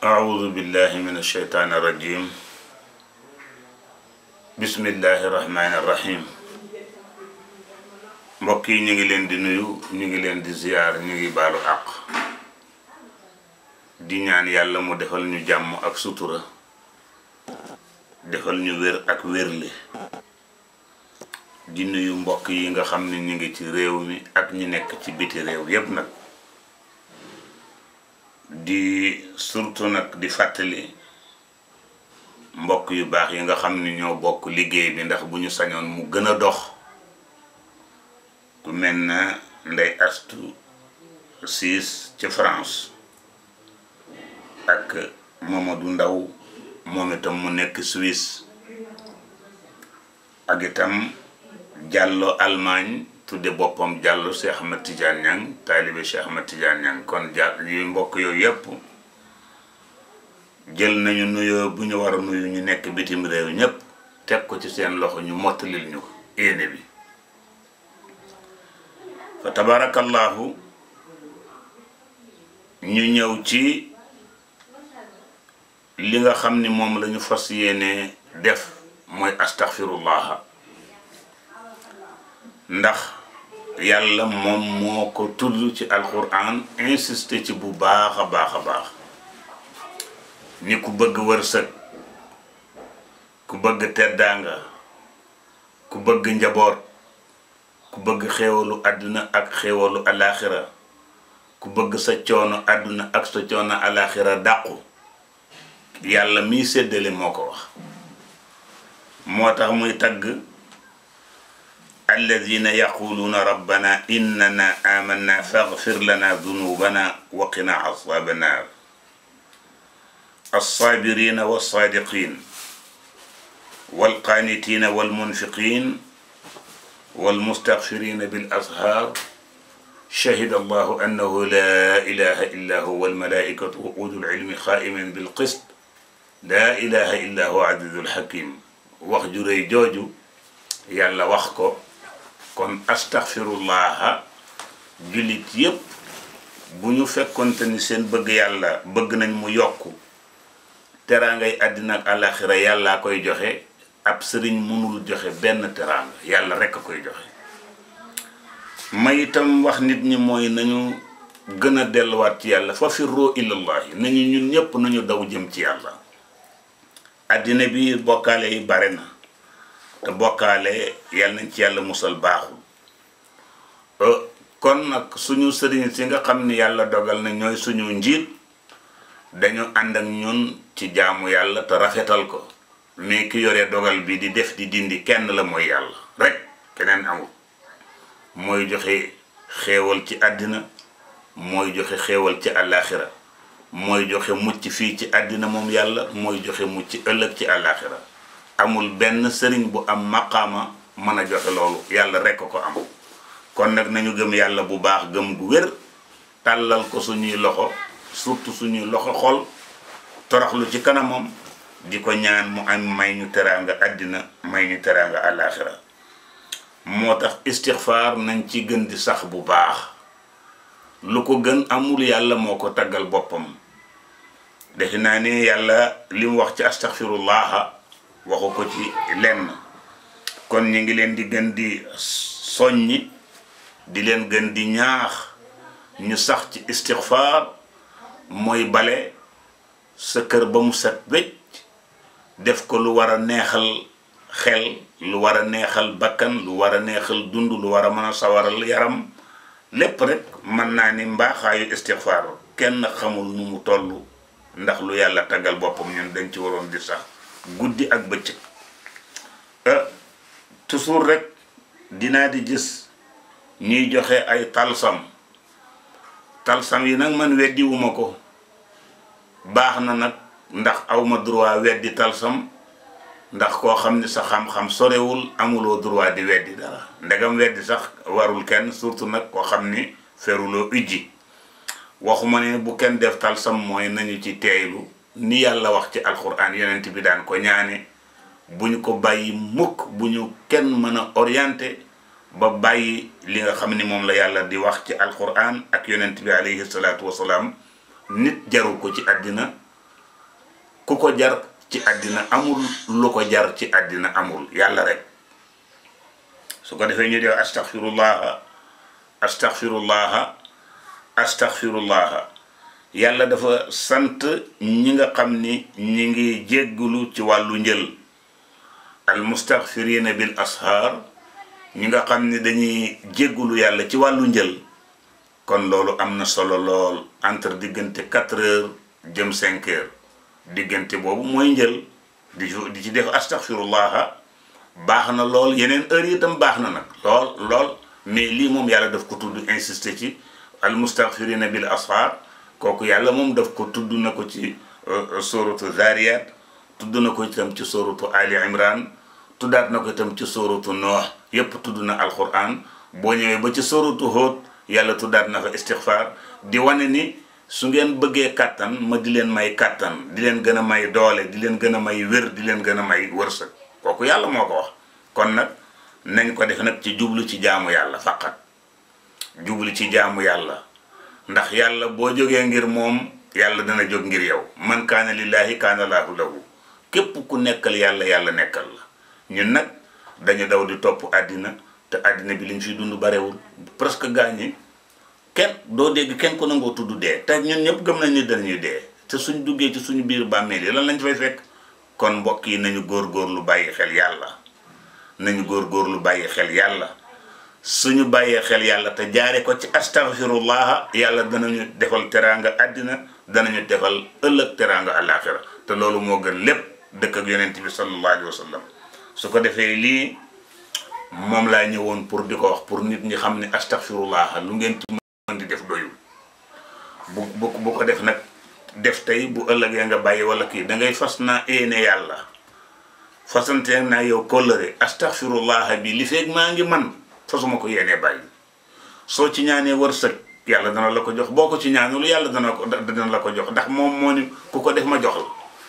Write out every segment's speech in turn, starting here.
أعوذ بالله من الشيطان الرجيم بسم الله الرحمن الرحيم mbokk yi ñu ngi leen di nuyu ñu ngi leen di ziyaar ñu ngi baalu àq di ñaan yàlla mu defal ñu jàmm ak sutura defal ñu wér ak wérle di nuyu mbokk yi nga xam ni ñu ngi ci réew mi ak ñi nekk ci biti réew yépp nag di surtout nag di fàttali mbokk yu baax yi nga xam ni ñoo bokk liggéey bi ndax bu ñu sañoon mu gën a dox ku mel na Ndey Astu Siis ci France ak Mamadou Ndaw moom itam mu nekk Suisse ak itam Jàllo Allemagne tudde boppam jàll Cheikh Ahmed Tidiane Niang taalibe Cheikh Ahmed Tidiane Niang kon jàll yuy mbokk yooyu yëpp jël nañu nuyoo bu ñu war a nuyu ñu nekk bitim réew ñépp teg ko ci seen loxo ñu mottalil ñu ko bi fa tabarakallahu ñu ñëw ci li nga xam ni moom lañu fas yéene def mooy astaxfirullaha ndax yàlla moom moo ko tudd ci alquran insisté ci bu baax a baax a baax ni ku bëgg wërsëg ku bëgg teddaanga ku bëgg njaboot ku bëgg xéewalu àdduna ak xéewalu alaxira ku bëgg sa coono àdduna ak sa coono alaxira dàqu yàlla miy séddale moo ko wax moo tax muy tagg الذين يقولون ربنا إننا آمنا فاغفر لنا ذنوبنا وقنا عذاب النار الصابرين والصادقين والقانتين والمنفقين والمستغفرين بالأزهار شهد الله أنه لا إله إلا هو الملائكة وقود العلم خائما بالقسط لا إله إلا هو عزيز الحكيم وخجري جوجو يلا وخكو kon astaxfirullaha jullit yépp bu ñu fekkonte ni seen bëgg yàlla bëgg nañ mu yokk teraangay àddina ak àllaaxira yàllaa koy joxe ab sëriñ mënul joxe benn teraanga yàlla rekk a koy joxe may wax nit ñi mooy nañu gën a delluwaat ci yàlla fa firroo ilallahi nañu ñun ñépp nañu daw jëm ci yàlla àddina bi bokkaale yi bare na te bokkaale yal nañ ci yàlla musal baaxul euh, kon nag suñu sëriñ si nga xam ni yàlla dogal na ñooy suñu njiit dañu ànd ak ñun ci jaamu yàlla te rafetal ko mais ki yore dogal bii di def di dindi kenn la mooy yàlla rek keneen amul mooy joxe xéewal ci àddina mooy joxe xéewal ci àllaaxira mooy joxe mucc fii ci àddina moom yàlla mooy joxe mucc ëllëg ci àllaaxira amul benn sëriñ bu am maqaama mën a joxe loolu yàlla rekk ko am kon nag nañu gëm yàlla bu baax gëm gu wér tàllal ko suñuy loxo surtout suñuy loxo xol toroxlu ci kanamam di ko ñaan mu am may ñu teraanga àddina may ñu teraanga àllaaxira moo tax istixfaar nañ ci gën di sax bu baax lu ko gën amul yàlla moo ko taggal boppam defe yàlla li wax ci astaxfirullaha waxu ko ci lenn kon ñu ngi leen di gën di soññi di leen gën di ñaax ñu sax ci istixfaar mooy bale sa kër ba mu set wécc def ko lu war a neexal xel lu war a neexal bakkan lu war a neexal dund lu war a mën a sawaral yaram lépp rek mën naa ni mbaaxaayu istixfaar kenn xamul nu mu toll ndax lu yàlla taggal boppam ñun dañ ci waroon di sax guddi ak bëccëg euh, toujours rek dinaa di gis ñuy joxe ay talsam talsam yi nag man weddi wu ko baax na nag ndax awma droit weddi talsam ndax koo xam ne sa xam-xam sorewul amuloo droit di weddi dara ndegam weddi sax warul kenn surtout nag koo xam ni feruloo ujji waxuma ne bu kenn def talsam mooy nañu ci teeylu ni yàlla wax ci alquran yonent bi daan ko ñaane bu ko bàyyi mukk bu kenn mën a orienté ba bàyyi li nga xam ni moom la yàlla di wax ci alquran ak yonent bi alayhi salaatu wasalaam nit jaru ko ci àddina ku ko jar ci àddina amul lu ko jar ci àddina amul yàlla rek su ko defee ñu di astaghfirullaha astaghfirullaha astaghfirullaha yàlla dafa sant ñi nga xam ni ñi ngi jéggulu ci wàllu njël almustaghfirina bil ashaar ñi nga xam ni dañuy jéggulu yàlla ci wàllu njël kon loolu am na solo lool entre diggante 4 heures jëm 5 heures diggante boobu mooy njël di di ci def astaghfirullaha baax na lool yeneen heures yi tam baax na nag lool lool mais lii moom yàlla daf ko tudd insister ci almustaghfirina bil ashaar kooku yàlla moom daf ko tudd na ko ci euh, euh, sóoratu Zariyat tudd na ko itam ci sóoratu Ali Imran tuddaat na ko itam ci sóoratu Nooh yépp tudd na alquran boo ñëwee ba ci sóoratu Hóot yàlla tuddaat na fa istixfar di wane ni su ngeen bëggee kàttan ma di leen may kàttan di leen gën a may doole di leen gën a may wér di leen gën a may wërsëg kooku yàlla moo ko wax kon nag nañ ko def nag ci jublu ci jaamu yàlla faqat jublu ci jaamu yàlla ndax yàlla boo jógee ngir moom yàlla dana jóg ngir yow man kaana lillaahi kaana laahu lahu képp ku nekkal yàlla yàlla nekkal la ñun nag dañu daw di topp àddina te àddina bi liñ fiy dund barewul presque gaañ ñi kenn doo dégg kenn ko nangoo tudd dee te ñun ñëpp gëm nañ ni ñu dee te suñ duggee ci suñu biir bàmmeel yi lan lañ fay fekk kon mbokk yi nañu lu bàyyi xel yàlla nañu lu bàyyi xel yàlla suñu bàyyee xel yàlla te jaare ko ci astaghfirullah yàlla danañu defal teraanga àddina danañu defal ëllëg teraanga alaxira te loolu moo gën lépp dëkk ak yonent bi sallallahu alayhi wa sallam su ko defee lii moom laa ñëwoon pour di ko wax pour nit ñi xam ne astaghfirullah lu ngeen ci mën di def doyul bu bu bu ko def nag def tey bu ëllëgee nga bàyyi wala kii dangay fas naa yéene yàlla fasante naa yow kóllëre astaghfirullah bi li feeg maa ngi man fasuma ko yene bàyyi so ci ñaané wërseuk yàlla dana la ko jox boko ko ci ñaanul yàlla dana ko dana la ko jox ndax mom mo ni ku ko def ma jox la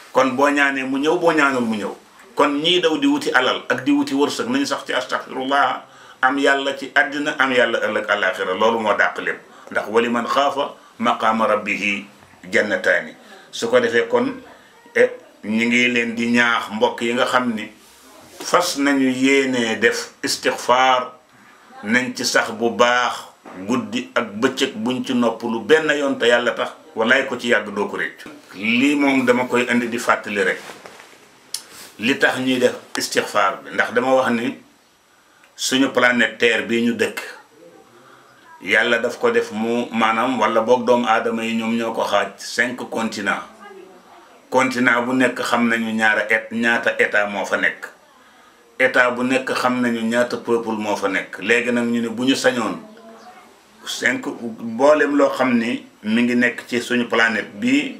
kon bo ñaané mu ñëw bo ñaanul mu ñëw kon ñi daw di wuti alal ak di wuti wërseuk nañ sax ci astaghfirullah am yàlla ci aduna am yàlla ëlëk alakhirah loolu mo dàq lépp ndax wali man khafa maqam rabbih jannatan su ko defé kon e ñi ngi leen di ñaax mbokk yi nga xamni fas nañu yene def istighfar nañ ci sax bu baax guddi ak bëccëg buñ ci nopp lu benn yoon te yàlla tax walaay ko ci yàgg doo ko réccu lii moom dama koy indi di fàttali rek li tax ñuy def istixfaar bi ndax dama wax ni suñu planète terre bii ñu dëkk yàlla daf ko def mu maanaam wala boog doomu aadama yi ñoom ñoo ko xaaj cinq continent kontinant bu nekk xam nañu ñaara et ñaata état moo fa nekk état bu nek xam nañu ñaata peuple mo fa nek léegi nak ñu ne buñu sañoon cinq bolem lo xamni mi ngi nek ci suñu planète bi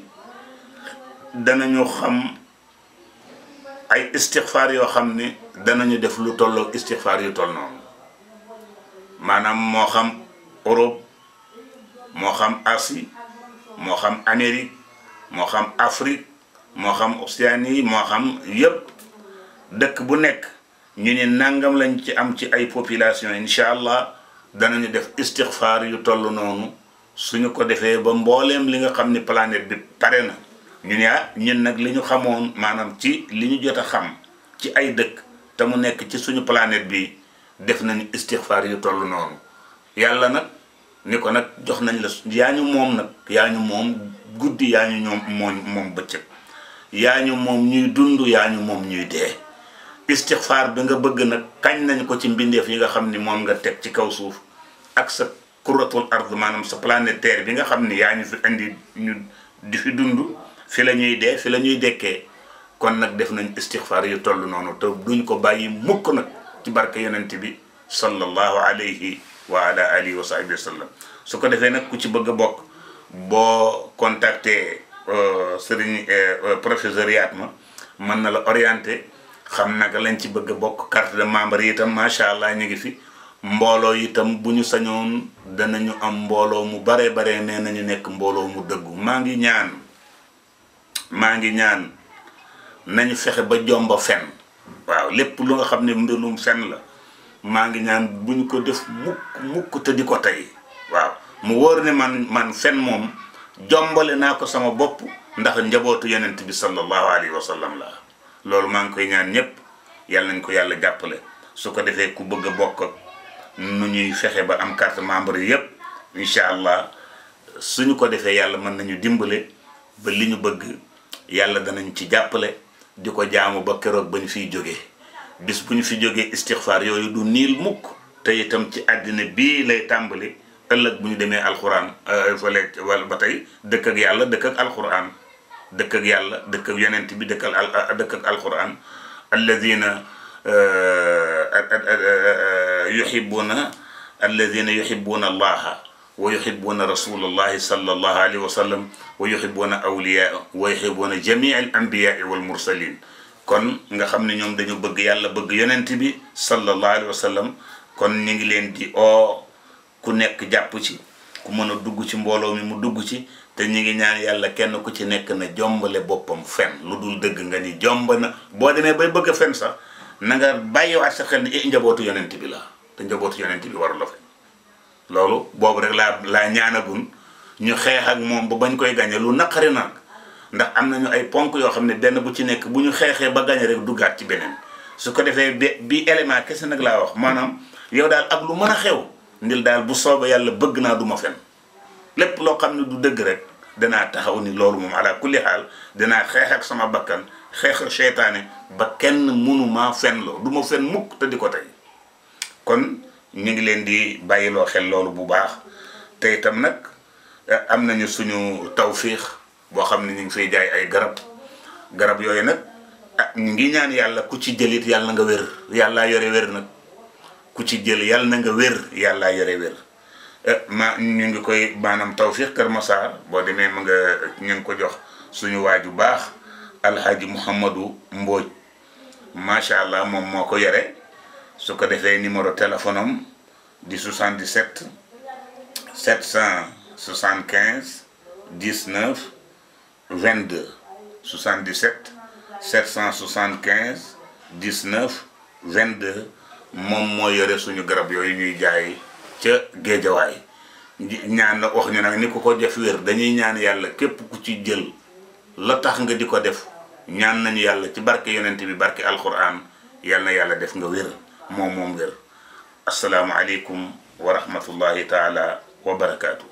danañu xam ay istighfar yo xamni ni danañu def lu tollo istighfar yu toll non manam mo xam europe mo xam asie mo xam amerique mo xam afrique mo xam océanie mo xam yépp dëkk bu nekk ñu ne nangam lañ ci am ci ay population incha allah danañu def istixfaar yu toll noonu suñu ko defee ba mbooleem li nga xam ni planète bi pare na ñu ne ah ñun nag li ñu xamoon maanaam ci li ñu jot a xam ci ay dëkk te mu nekk ci suñu planète bi def nañu istixfaar yu toll noonu yàlla nag ni ko nag jox nañ la yaa ñu moom nag yaa ñu moom guddi yaa ñu ñoom moom moom bëccëg yaa ñu moom ñuy dund yaa ñu moom ñuy dee istighfar bi nga bëgg nag kañ nañ ko ci mbindeef yi nga xam ni moom nga teg ci kaw suuf ak sa kuratul ard maanaam sa planète terre bi nga xam ni yaa ñu fi indi ñu di fi dund fi la ñuy dee fi la ñuy dekkee kon nag def nañ istighfar yu toll noonu te duñ ko bàyyi mukk nag ci barke yonent bi sallallahu alayhi wa ala alihi wa sahbihi wa sallam su ko defee nag ku ci bëgg a bokk boo contacté sëriñ professeur Yatma mën na la orienté xam naka lañ ci bëgg bokk carte de membre itam sha allah ñi ngi fi mbolo itam buñu ñu sañoon danañu am mbolo mu bare bare nee nañu nekk mbolo mu dëggu ma ngi ñaan ma ngi ñaan nañu fexé ba jomba fenn waaw lepp lu nga xam ne mbirum fenn la ma ngi ñaan buñ ko def mukk mukk te di tay waaw mu wor ne man man fenn mom jombalé nako sama bop ndax njabootu yenenbi sallallahu alaihi wasallam la loolu maa ngi koy ñaan ñëpp yàlla nañ ko yàlla jàppale su ko defee ku bëgg a bokk nu ñuy fexe ba am carte membre yi yëpp incha allah suñu ko defee yàlla mën nañu dimbale ba li ñu bëgg yàlla danañ ci jàppale di ko jaamu ba keroog ba ñu fiy jógee bis bu ñu fi jógee istixfaar yooyu du niil mukk te itam ci àddina bii lay tàmbali ëllëg bu ñu demee alxuraan euh, fële wala ba tey dëkk yàlla dëkk ak alxuraan dëkk ak yàlla dëkk ak yonent bi dëkk ak dëkk ak alquran alladina yuhibuna alladina yuhibuna allaha wa yuhibuna rasulallahi sallallahu alayhi wa sallam wa yuhibuna awliyaa wa yuhibuna jamii al anbiyaa wal mursalin kon nga xam ne ñoom dañu bëgg yàlla bëgg yonent bi sallallahu alayhi wa sallam kon ñu ngi leen di oo ku nekk jàpp ci ku mën a dugg ci mbooloo mi mu dugg ci te ñu ngi ñaan yàlla kenn ku ci nekk na jombale boppam fen lu dul dëgg nga ni jomb na boo demee bay bëgg a fen sax na nga bàyyiwaat sa xel eh, njabootu yonent la te njabootu yonent bi warul la fen loolu boobu rek laa laa ñaanagun ñu xeex ak moom ba bañ koy gañe lu naqari nag ndax am nañu ay ponk yoo xam ne benn bu ci nekk bu ñu xeexee ba gañe rek duggaat ci beneen su ko defee bi élément kese nag laa wax maanaam yow daal ak lu mën a xew ngir daal bu soobee yàlla bëgg naa du ma fen lépp loo xam ne du dëgg rek danaa taxaw ni loolu moom ala kulli xaal danaa xeex ak sama bakkan xeex ak ba kenn mënumaa fen loo du ma fen mukk te di ko tey kon ñu ngi leen di bàyyi loo xel loolu bu baax te itam nag eh, am nañu suñu tawfiix boo xam ne ñu ngi fay jaay ay garab garab yooyu nag ah ñu ngi ñaan yàlla ku ci jëlit yàlla nga wér yàlla yore wér nag ku ci jël yàlla na nga wér yàllaa yore wér eh, ma ñu ngi koy maanaam tawfiq Kër Massar boo demee mu nga ñu ngi ko jox suñu waaju baax alxaaji Mouhamadou Mbodj macha allah moom moo ko su ko defee numéro téléphone am di 77 775 19 22 77 775 19 22 moom moo yore suñu garab yooyu ñuy jaay ca géejawaay ñaan wax ñu nag ni ku ko def wér dañuy ñaan yàlla képp ku ci jël la tax nga di ko def ñaan nañu yàlla ci barke yonent bi barke alquran yàlla yàlla def nga wér moom moom wér asalaamualeykum wa rahmatullahi taala wa